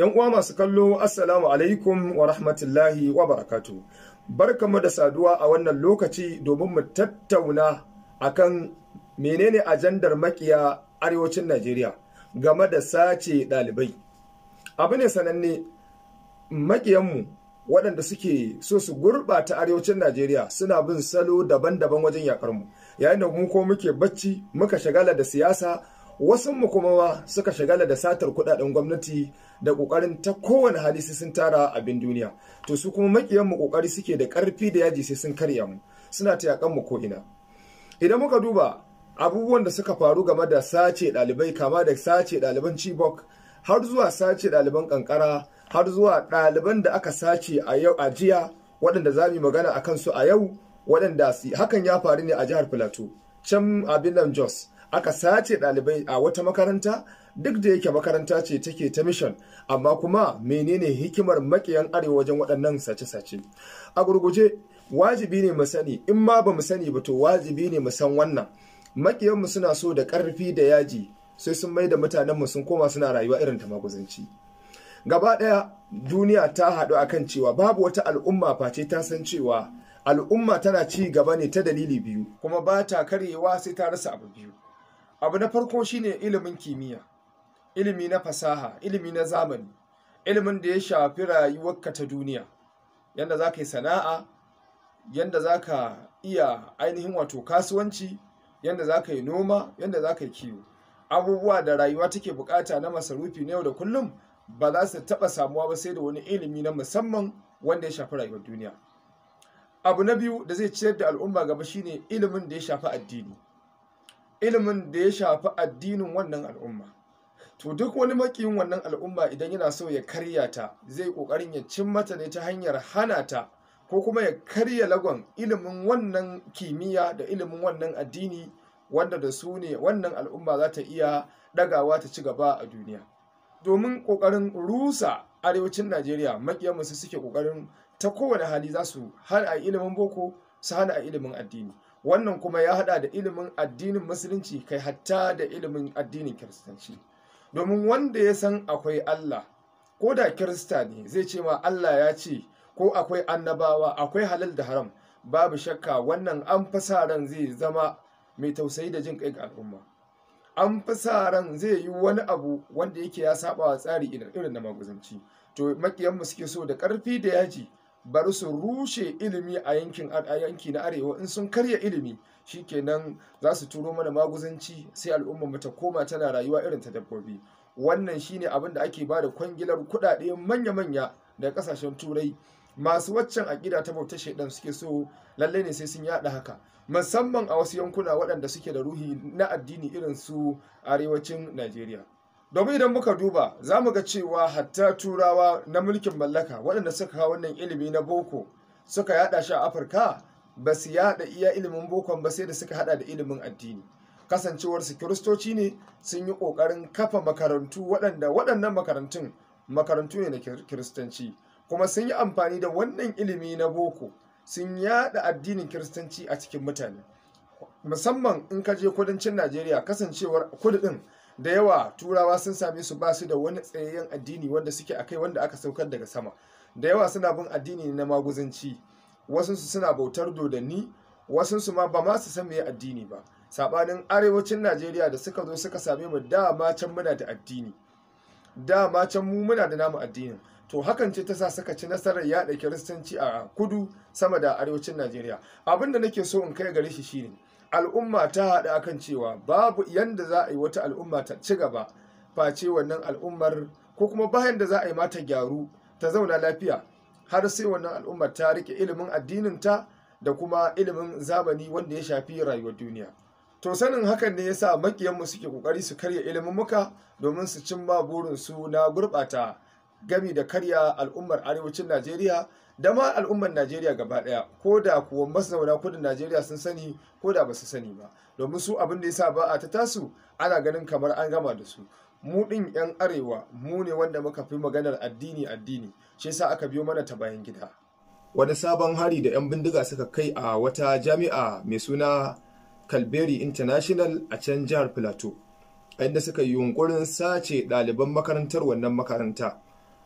'Yan uwa masu kallo, Assalamu alaikum wa rahmatullahi wa barakatu. Barkamu da saduwa a wannan lokaci domin mu tattauna akan menene ajandar makiya arewacin Najeriya game da sace ɗalibai. Abu ne sananne makiyanmu waɗanda suke so su gurɓata arewacin Najeriya suna bin salo daban-daban wajen yakarmu. Yayin da mu ko muke bacci, muka shagala da siyasa, wasu mu kuma suka shagala da satar kudaden gwamnati da kokarin ta kowane hali sai sun tara abin duniya to su kuma makiyan mu kokari suke da karfi da yaji sai sun karya mu suna ta yakan mu ko ina idan muka duba abubuwan da suka faru game da sace dalibai kama da sace daliban Chibok har zuwa sace daliban kankara har zuwa daliban da aka sace a yau a jiya waɗanda za mu magana akan su a yau waɗanda hakan ya faru ne a jihar Plateau can abin nan Jos aka sace ɗalibai a wata makaranta duk da yake makaranta ce take ta mission amma kuma menene hikimar makiyan arewa wajen waɗannan sace-sace a gurguje wajibi ne mu sani in ma ba mu sani ba to wajibi ne mu san wannan makiyanmu suna so da ƙarfi da yaji sai sun mai da mutanenmu sun koma suna rayuwa irin ta maguzanci gaba ɗaya duniya ta haɗu akan cewa babu wata al'umma face ta san cewa al'umma tana ci gaba ne ta dalili biyu kuma ba ta karyewa sai ta rasa abu biyu abu na farko shine ilimin kimiyya ilimi na fasaha ilimi na zamani ilimin da ya shafi rayuwarka ta duniya yadda za ka yi sana'a yadda za ka iya ainihin wato kasuwanci yadda za ka yi noma yadda za ka yi kiwo abubuwa da rayuwa take bukata na masarufi na yau da kullum ba za su taɓa samuwa ba sai da wani ilimi na musamman wanda ya shafi rayuwar duniya abu na biyu da zai ciyar da al'umma gaba shine ilimin da ya shafi addini ilimin da ya shafi addinin wannan al'umma to duk wani makiyin wannan al'umma idan yana so ya karya ta zai kokarin ya cin mata ne ta hanyar hana ta ko kuma ya karya lagon ilimin wannan kimiyya da ilimin wannan addini wanda da su ne wannan al'umma za ta iya dagawa ta ci gaba a duniya domin kokarin rusa arewacin najeriya makiyanmu su suke kokarin ta kowane hali za su hana a ilimin boko su hana a ilimin addini wannan kuma ya hada da ilimin addinin musulunci kai hatta da ilimin addinin kiristanci domin wanda ya san akwai Allah ko da kirista ne zai ce ma Allah ya ce ko akwai annabawa akwai halal da haram babu shakka wannan an fasa zai zama mai tausayi da jin kai ga al'umma an fasaran zai yi wani abu wanda yake ya saba wa tsari irin na maguzanci to makiyan mu suke so da karfi da yaji bari su rushe ilimi a yankin a na arewa in sun karya ilimi shikenan za su turo mana maguzanci sai al'umma mu koma tana rayuwa irin ta dabbobi wannan shine abin da ake bada kwangilar kuɗaɗe manya-manya da kasashen turai masu waccan a gida ta bauta shaidan suke so lallai ne sai sun yada haka musamman a wasu yankuna waɗanda suke da ruhi na addini irin su arewacin najeriya domin idan muka duba za mu ga cewa hatta turawa na mulkin mallaka waɗanda suka kawo wannan ilimi na boko suka yada shi a afirka ba su yada iya ilimin bokon ba sai da suka hada da ilimin addini kasancewar su kiristoci ne sun yi ƙoƙarin kafa makarantu waɗanda waɗannan makarantun makarantu ne na kiristanci kuma sun yi amfani da wannan ilimi na boko sun yada addinin kiristanci a cikin mutane musamman in ka je kudancin najeriya kasancewar kudu ɗin da yawa turawa sun sami su basu da wani tsayayyen addini wanda suke akai wanda aka saukar daga sama da yawa suna bin addini na maguzanci wasu suna bautar dodanni wasu su ma ba ma su san meye addini ba sabanin arewacin Najeriya da suka zo suka same mu dama can muna da addini dama can mu muna da namu addinin to hakan ce ta sa suka ci nasarar yaɗa kiristanci a kudu sama da arewacin Najeriya abinda nake so in kai gare shi shine al'umma ta haɗa kan cewa babu yanda za a yi wata al'umma ta ci gaba face wannan al'ummar ko kuma bayan da za a yi mata gyaru ta zauna lafiya har sai wannan al'umma ta rike ilimin addininta da kuma ilimin zamani wanda ya shafi rayuwar duniya to sanin hakan ne yasa makiyanmu suke kokari su karya ilimin muka domin su cimma burinsu na gurɓata gami da karya al'ummar arewacin najeriya da ma al'ummar najeriya gaba daya ko da kuwa mazauna kudin najeriya sun sani ko da ba su sani ba domin su abin da ya sa ba a ta tasu ana ganin kamar an gama da su mu ɗin 'yan arewa mu ne wanda muka fi maganar addini addini shi yasa aka biyo mana ta bayan gida wani sabon hari da 'yan bindiga suka kai a wata jami'a mai suna kalberi international a can jihar plateau inda suka yi yunkurin sace ɗaliban makarantar wannan makaranta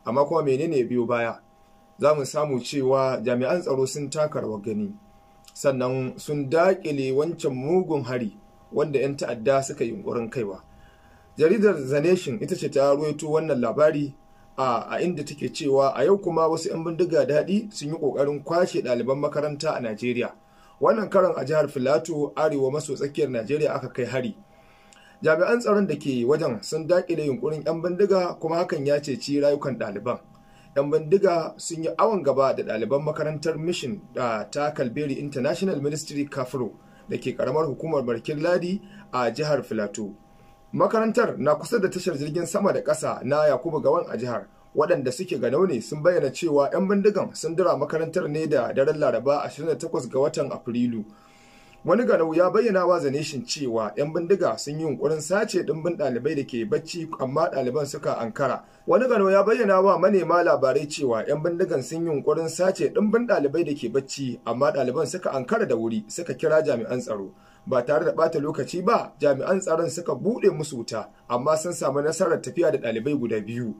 amma kuma menene ya biyo baya za mu samu cewa jami'an tsaro sun taka rawar gani sannan sun daƙile wancan mugun hari wanda 'yan ta'adda suka yunkurin kaiwa jaridar zanation ita ce ta ruwaito wannan labari a inda take cewa a yau kuma wasu 'yan bindiga daɗi sun yi ƙoƙarin kwashe ɗaliban makaranta a najeriya wannan karan a jihar filato arewa maso tsakiyar najeriya aka kai hari jami'an tsaron da ke wajen sun dakile yunkurin 'yan bindiga kuma hakan ya ceci rayukan ɗaliban 'yan bindiga sun yi awon gaba da ɗaliban makarantar mission ta kalberi international ministry kafro da ke karamar hukumar barkin ladi a jihar filato makarantar na kusa da tashar jirgin sama da ƙasa na yakubu gawan a jihar waɗanda suke ga ne sun bayyana cewa 'yan bindigan sun dira makarantar ne da daren laraba 28 ga watan afrilu wani ganau ya bayyana wa zanishin cewa 'yan bindiga sun yi yunkurin sace dimbin ɗalibai da ke bacci amma ɗaliban suka ankara wani ganau ya bayyana wa manema labarai cewa 'yan bindigan sun yi yunkurin sace dimbin ɗalibai da ke bacci amma ɗaliban suka ankara da wuri suka kira jami'an tsaro ba tare da bata lokaci ba jami'an tsaron suka buɗe musu wuta amma sun samu nasarar tafiya da ɗalibai guda biyu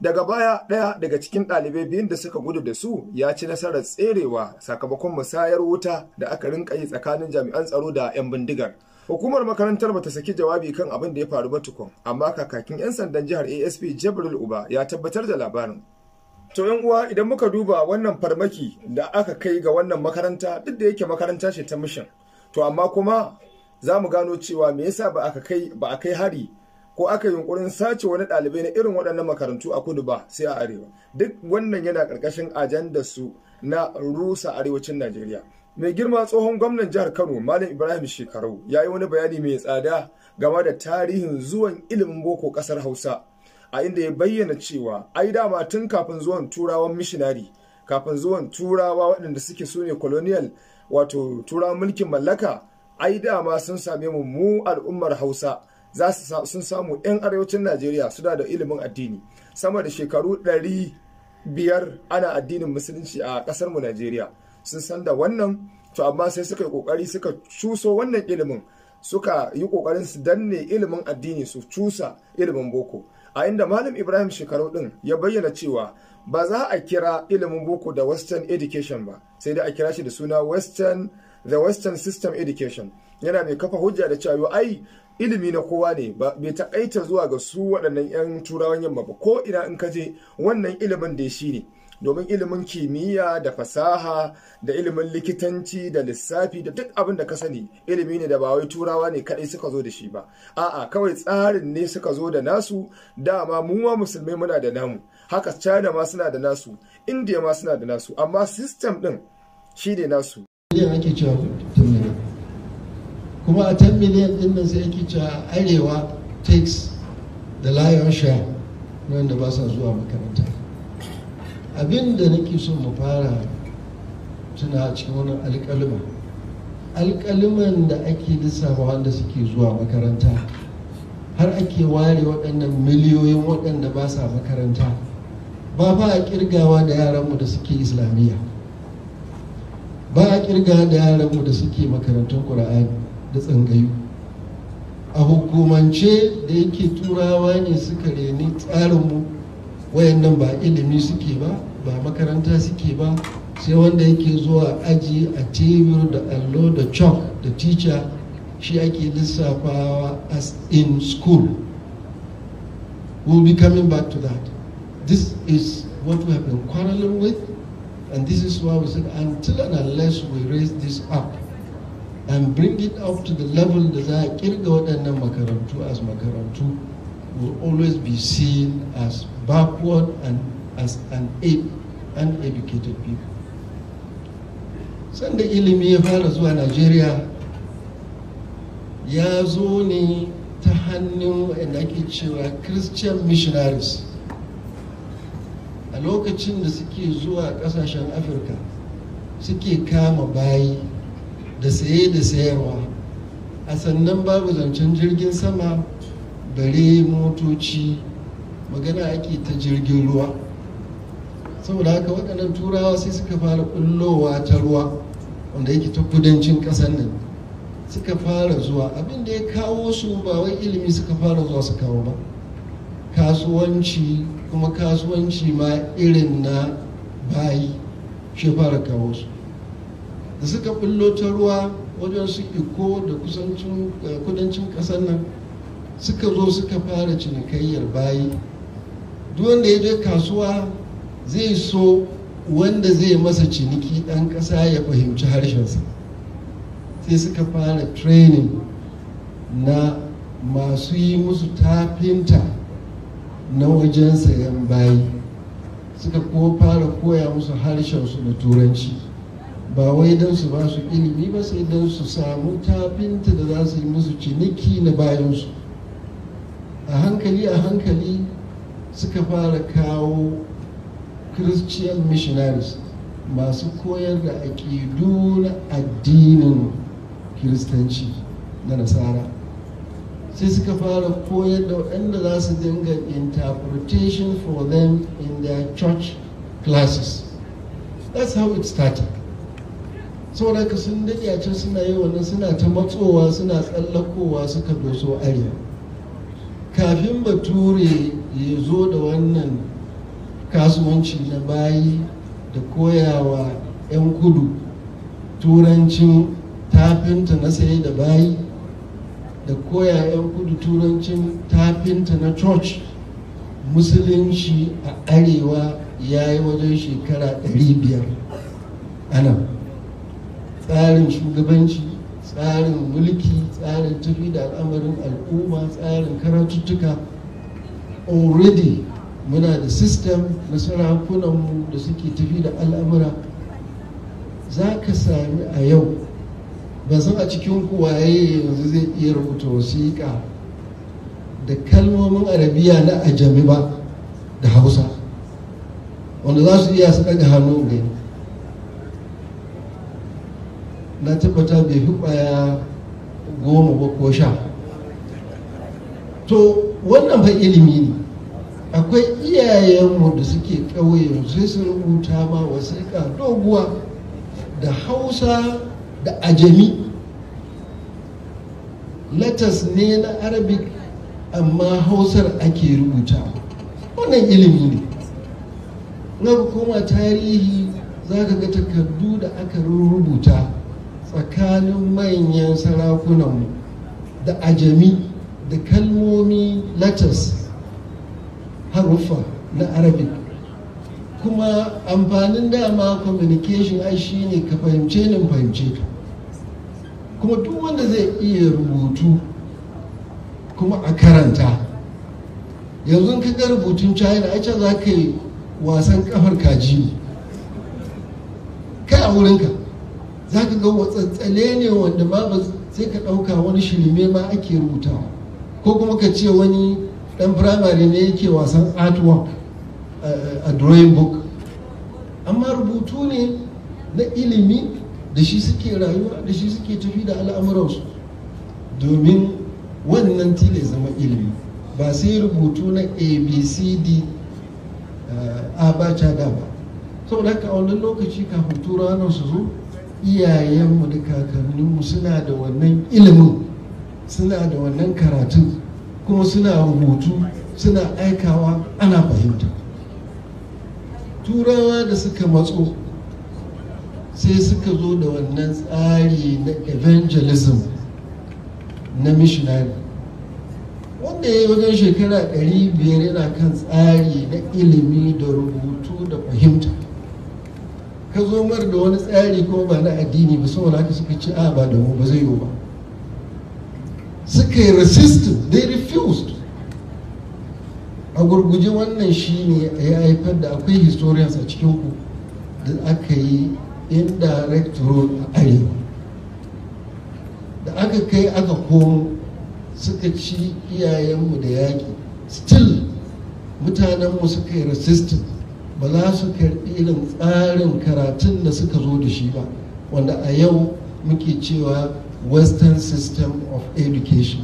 daga baya ɗaya daga cikin ɗalibai biyun da suka gudu da su ya ci nasarar tserewa sakamakon musayar wuta da aka rinka yi tsakanin jami'an tsaro da 'yan bindigar hukumar makarantar bata saki jawabi kan abin da ya faru ba tukun amma kakakin 'yan sandan jihar asp jibril uba ya tabbatar da labarin To yan uwa idan muka duba wannan farmaki da aka kai ga wannan makaranta duk da yake makaranta ce ta mishin. To amma kuma za mu gano cewa me yasa ba a kai hari ko aka yunkurin sace wani ɗalibai na irin waɗannan makarantu a kudu ba sai a arewa duk wannan yana ƙarƙashin ajanda su na rusa arewacin najeriya mai girma tsohon gwamnan jihar kano malam ibrahim shekaru ya yi wani bayani mai tsada game da tarihin zuwan ilimin boko ƙasar hausa a inda ya bayyana cewa ai dama tun kafin zuwan turawan mishinari kafin zuwan turawa waɗanda suke su ne colonial wato turawan mulkin mallaka ai dama sun same mu mu al'ummar hausa za su sun samu 'yan arewacin najeriya suna da ilimin addini sama da shekaru 500 ana addinin musulunci a kasar mu najeriya sun san da wannan to amma sai suka yi kokari suka cuso wannan ilimin suka yi kokarin su danne ilimin addini su cusa ilimin boko a inda malam ibrahim shekaru ɗin ya bayyana cewa ba za a kira ilimin boko da western education ba sai dai a kira shi da suna western the western system education yana mai kafa hujja da cewa ai ilimi na kowa ne bai takaita zuwa ga su waɗannan 'yan turawan yamma ba ko ina in ka je wannan ilimin da shi ne domin ilimin kimiyya da fasaha da ilimin likitanci da lissafi da duk abin da ka sani ilimi ne da ba wai turawa ne kaɗai suka zo da shi ba a'a kawai tsarin ne suka zo da nasu dama mu ma musulmai muna da namu haka china ma suna da nasu india ma suna da nasu amma system ɗin shi ne nasu ake cewa kuma a 10 miliyan din nan sai yake cewa arewa takes the lion share wanda ba sa zuwa makaranta abin da nake so mu fara tuna a cikin wannan alƙaluma alƙaluman da ake lissafa wanda suke zuwa makaranta har ake ware waɗannan miliyoyin waɗanda ba sa makaranta ba ba a ƙirgawa da yaranmu da suke islamiyya ba a ƙirgawa da yaranmu da suke makarantun ƙura'ani da tsangayu a hukumance da yake turawa ne suka reni tsarinmu wayannan ba ilimi suke ba ba makaranta suke ba sai wanda yake zuwa aji a tebur da allo da chalk da teacher shi ake lissafawa as in school we'll be coming back to that this is what we have been quarreling with and this is why we said until and unless we raise this up and bring it up to the level da za a kirga waɗannan makarantu as makarantu will always be seen as backward and as an uneducated people sanda ilimi ya fara zuwa najeriya ya zo ne ta hannun wanda ake cewa christian missionaries a lokacin da suke zuwa kasashen afirka suke kama bayi da saye da sayarwa a sannan babu zancen jirgin sama bare motoci magana ake ta jirgin ruwa saboda haka waɗannan turawa sai suka fara ɓullowa ta ruwa wanda yake ta kudancin ƙasar nan suka fara zuwa abin da ya kawo su ba wai ilimi suka fara zuwa su kawo ba kasuwanci kuma kasuwanci ma irin na bayi shi fara kawo su da suka bullo ta ruwa wajen su iko da kusancin eh, kudancin kasar nan suka zo suka fara cinikayyar bayi duk wanda ya je kasuwa zai so wanda zai masa ciniki ɗan ƙasa ya fahimci harshensa sai suka fara training na masu yi musu tafinta na wajen sayan bayi suka kuma fara koya musu harshensu da turanci ba wai don su ba su ilimi ba sai don su samu tafinta da za su yi musu ciniki na bayansu a hankali a hankali suka fara kawo christian missionaries masu koyar da aƙidu na addinin kiristanci na nasara sai suka fara koyar da waɗanda za su dinga interpretation for them in their church classes that's how it started saboda sun daɗe a can suna yi wannan suna ta matsowa suna tsallakowa suka doso arewa kafin bature ya zo da wannan kasuwanci na bayi da koyawa 'yan kudu turancin tafinta na saye da bayi da koya 'yan kudu turancin tafinta na church musulunci a arewa ya yi wajen shekara 500 a nan tsarin shugabanci tsarin mulki tsarin tafi da al'amarin al'umma tsarin karatuttuka already muna da system na sarakunanmu da suke tafi da al'amura za ka sami a yau ba san a cikin kuwaye yanzu zai iya rubuta wasiƙa da kalmomin arabiya na ajami ba da hausa wanda za su iya su ɗaga hannu gani na tabbata bai fi kwaya goma ba ko sha to wannan ba ilimi ne akwai iyayenmu da suke ƙauye sai su rubuta ma wasiƙa doguwa da hausa da ajami latas ne na arabic amma hausar ake rubuta wannan ilimi ne na koma tarihi za ka ga takardu da aka rubuta tsakanin manyan sarakunanmu da ajami da kalmomi latas haruffa na arabic kuma amfanin dama communication ai shi ne ka fahimce ni fahimce ka kuma duk wanda zai iya rubutu kuma a karanta yanzu ka ga rubutun china ai za ka yi wasan kafar kaji ne kai a wurinka za ka ga watsantsale ne wanda ma ba sai ka ɗauka wani shirme ma ake rubutawa ko kuma ka ce wani ɗan firamare ne yake wasan artwork eh, a drawing book amma rubutu ne na ilimi da shi suke rayuwa da shi suke tafi da al'amuransu domin wannan tile zama ilimi ba sai rubutu na abcd eh, a ba da ba saboda haka a wannan lokaci kafin turawa su zo iyayenmu da kakanninmu suna da wannan ilimin suna da wannan karatun kuma suna rubutu suna aikawa ana fahimta turawa da suka matso sai suka zo da wannan tsari na evangelism na missionary wanda ya yi wajen shekara 500 yana kan tsari na ilimi da rubutu da fahimta ka zo mar da wani tsari ko ba na addini ba saboda haka suka ce a ba da mu ba zai yi ba suka yi resistant they refused a gurguje wannan shi shine ya haifar da akwai historians a cikin ku da aka yi indirect role a arewa da aka kai aka komo suka ci iyayenmu da yaƙi still mutanenmu suka yi resistant ba za su karɓi irin tsarin karatun da suka zo da shi ba wanda a yau muke cewa western system of education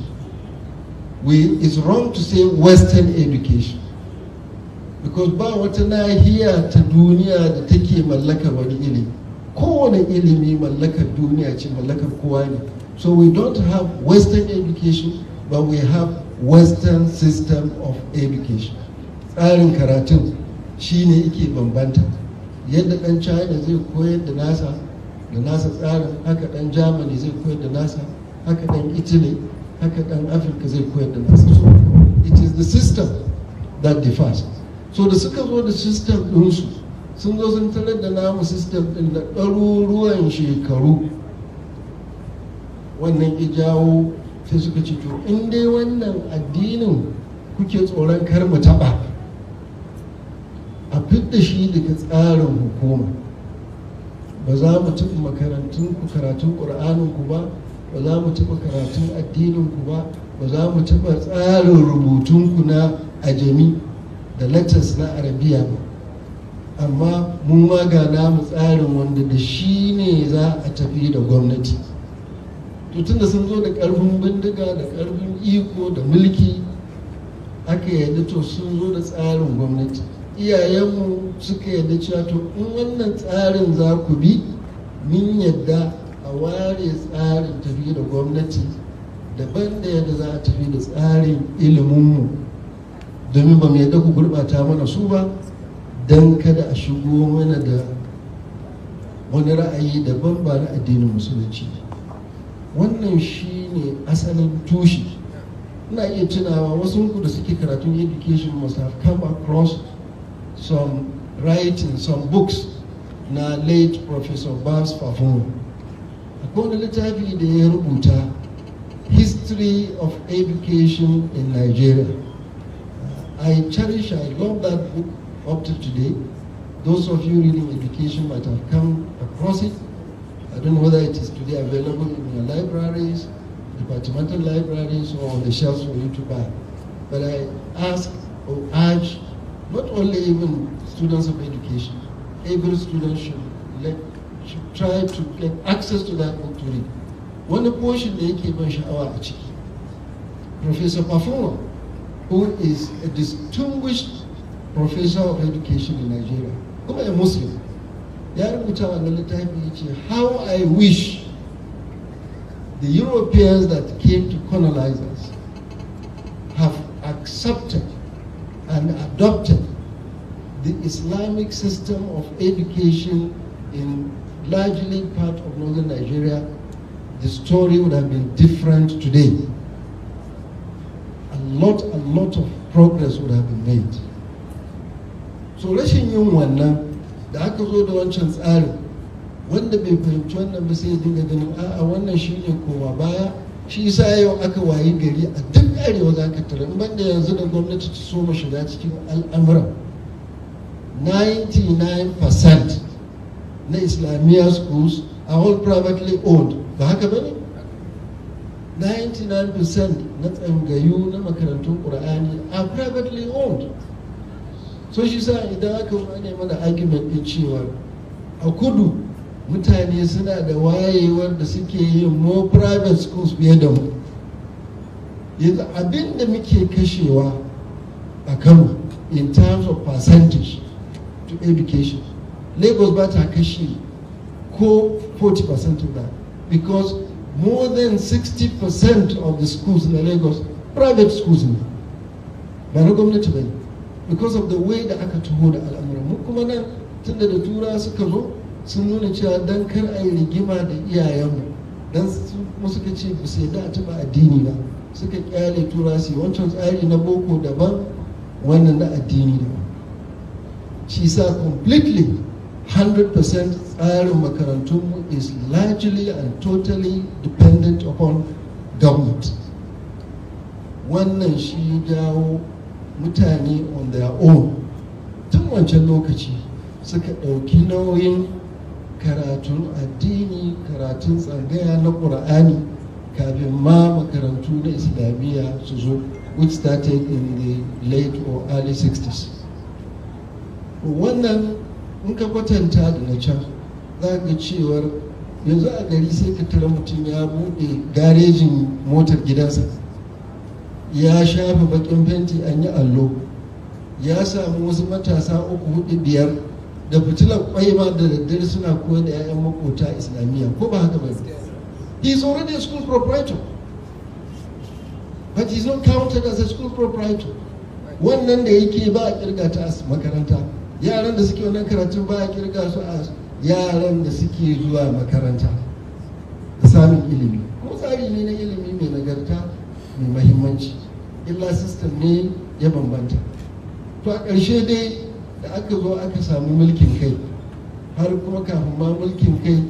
we is wrong to say western education because ba wata nahiya ta duniya da take mallakar wani ilimi kowane ilimi mallakar duniya ce mallakar kowa ne so we don't have western education but we have western system of education tsarin karatun shi ne yake bambanta yadda ɗan china zai koyar da nasa da nasa tsarin haka ɗan germany zai koyar da nasa haka ɗan italy haka ɗan afirka zai koyar da nasa so it is the system that defies. so da suka zo da system ɗinsu sun zo sun tarar da namu system ɗin da ɗaruruwan shekaru wannan ya jawo sai suka ce to in dai wannan addinin kuke tsoron kar mu taɓa duk da shi daga tsarin hukuma ba za mu tafi makarantun ku karatun ƙur'anin ku ba ba za mu taɓa karatun addinin ku ba ba za mu taɓa tsarin rubutun ku na ajami da letters na arabiya ba amma mun maga namu tsarin wanda da shi ne za a tafi da gwamnati tutun da sun zo da ƙarfin bindiga da ƙarfin iko da mulki aka yi to sun zo da tsarin gwamnati iyayenmu suka yadda cewa to in wannan tsarin za ku bi min yadda a ware tsarin tafi da gwamnati daban da yadda za a tafi da tsarin iliminmu domin ba mu yadda ku gurɓata mana su ba don kada a shigo mana da wani ra'ayi daban ba na addinin musulunci wannan shi ne asalin tushe ina iya tunawa wasu da suke karatun education must have come across some writing, some books na late Professor Babs Favon. Akwai wani littafi da ya rubuta History of Education in Nigeria. Uh, I cherish, I love that book up to today. Those of you reading education might have come across it. I don't know whether it is today available in your libraries, departmental libraries, or on the shelves for you to buy. But I ask or urge not only even students of education, every student should, let, should try to get access to that book to read. One portion da yake came sha'awa our ciki, Professor Pafowa, who is a distinguished professor of education in Nigeria, kuma a Muslim, ya rubuta wannan How I wish the Europeans that came to colonize us have accepted and adopted the Islamic system of education in largely part of northern Nigeria, the story would have been different today. A lot, a lot of progress would have been made. So rashin yin wannan da aka zo da wancan tsarin wanda bai I want to sai dinga ganin a'a wannan I koma baya shi isa yau aka wayi gari a duk arewa za ka tara in banda yanzu da gwamnati ta soma shiga al amra. 99% na islamiyya schools are all privately owned ba haka ba ne 99% na tsangayu na makarantun ƙur'ani are privately owned so shi sa idan aka wane mana argument din cewa a kudu mutane suna da wayewar da suke yin more private schools fiye da mu yanzu abin muke kashewa a kano in terms of percentage to education. Lagos ba ta kashi ko 40% of that because more than 60% of the schools in Lagos private schools ne ba na gwamnati ba ne because of the way da aka taho da al'amuran mu kuma nan tun da tura suka zo sun nuna cewa dan kar a yi rigima da iyayenmu dan mu suka ce ba su da a taba addini ba suka kyale tura su wancan tsari na boko daban wannan na addini daban shi sa completely 100% tsarin makarantunmu is largely and totally dependent upon government wannan shi dawo mutane on their own tun wancan lokaci suka ɗauki nauyin karatun addini karatun tsangaya na ƙura'ani kafin ma makarantu na islamiyya su zo which started in the late or early 60s wannan in ka kwatanta da na can za ga cewar yanzu a gari sai ka tara mutum ya buɗe garejin motar gidansa ya shafa bakin fenti an yi allo ya samu wasu matasa uku hudu biyar da fitilar ma da daddare suna koyar da 'ya'yan makota islamiyya ko ba haka ba he is already a school proprietor but he is not counted as a school proprietor wannan da yake ba a kirgata makaranta yaran da suke wannan karatun baya kirga su a yaran da suke zuwa makaranta da samun ilimi ko tsari ne na ilimi mai nagarta mai mahimmanci illa system ne ya bambanta to a ƙarshe dai da aka zo aka samu mulkin kai har kuma kafin ma mulkin kai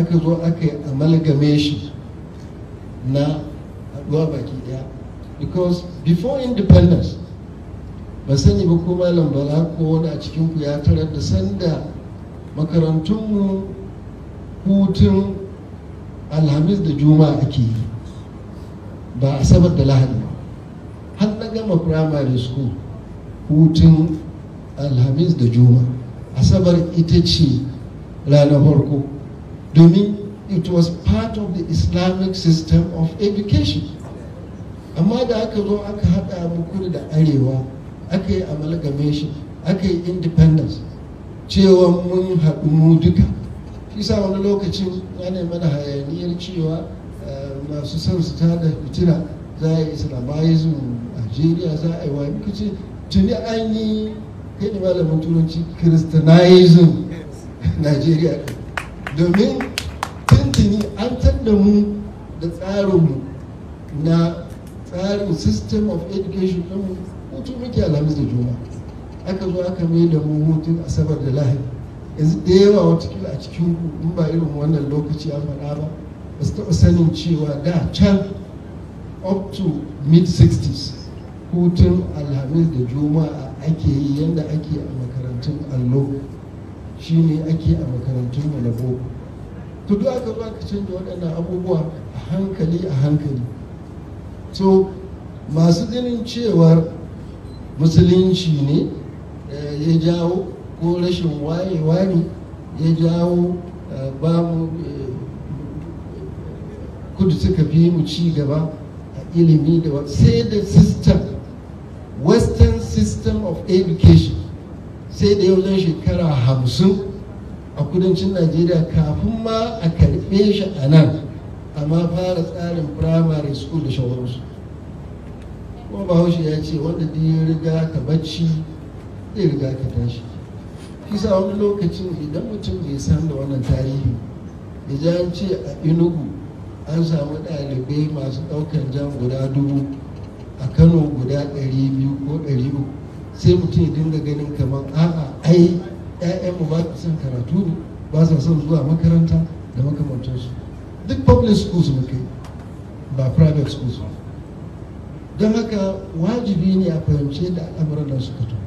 aka zo aka yi amalgame shi na haɗuwa baki ɗaya because before independence Ba sani ba ko malam bala ko wani a ku ya tarar da sanda makarantunmu hutun alhamis da juma'a ake yi ba asabar da lahadi ba har na gama primary school hutun alhamis da juma asabar ita ce ranar farko domin it was part of the islamic system of education amma da aka zo aka haɗa mu da arewa aka yi amalgamation aka yi independence cewa mun haɗu mu duka shi sa wani lokacin ya nemi mana hayaniyar cewa eh, masu son su da fitina za a yi islamism algeria za a yi wa yi kuce tuni an yi kai ne malamin turanci christianizing nigeria domin tuntuni an tanda mu da tsarinmu na tsarin system of education ɗinmu hutu muke alhamis da juma aka zo aka mai da mu hutun asabar da lahadi yanzu da yawa watakila a cikin in ba irin wannan lokaci an faɗa ba ba su taɓa sanin cewa da can up to mid 60s hutun alhamis da juma'a ake yi yadda ake a makarantun allo shi ne ake a makarantun malabo na to duk aka zo aka canza waɗannan abubuwa a hankali a hankali so masu ganin cewar musulunci ne eh, ya jawo ko rashin wayewa ne ya jawo eh, babu eh, kudu suka fi mu ci gaba a ilimi da sai da system western system of education sai da yau zan shekara hamsin a kudancin najeriya kafin ma a karbe shi a nan amma fara tsarin primary school da shawararsu kuma bahaushe ya ce wanda duk ya riga ka bacci zai riga ka tashi kisa wani lokacin idan mutum bai san da wannan tarihi ya an ce a inugu an samu ɗalibai masu ɗaukar jan guda dubu a kano guda ɗari biyu ko ɗari uku sai mutum ya dinga ganin kamar a'a ai ƴaƴanmu ba su son karatu ba su son zuwa makaranta da makamantansu duk public schools muke ba private schools ba don haka wajibi ne a fahimce da al'amuran da suka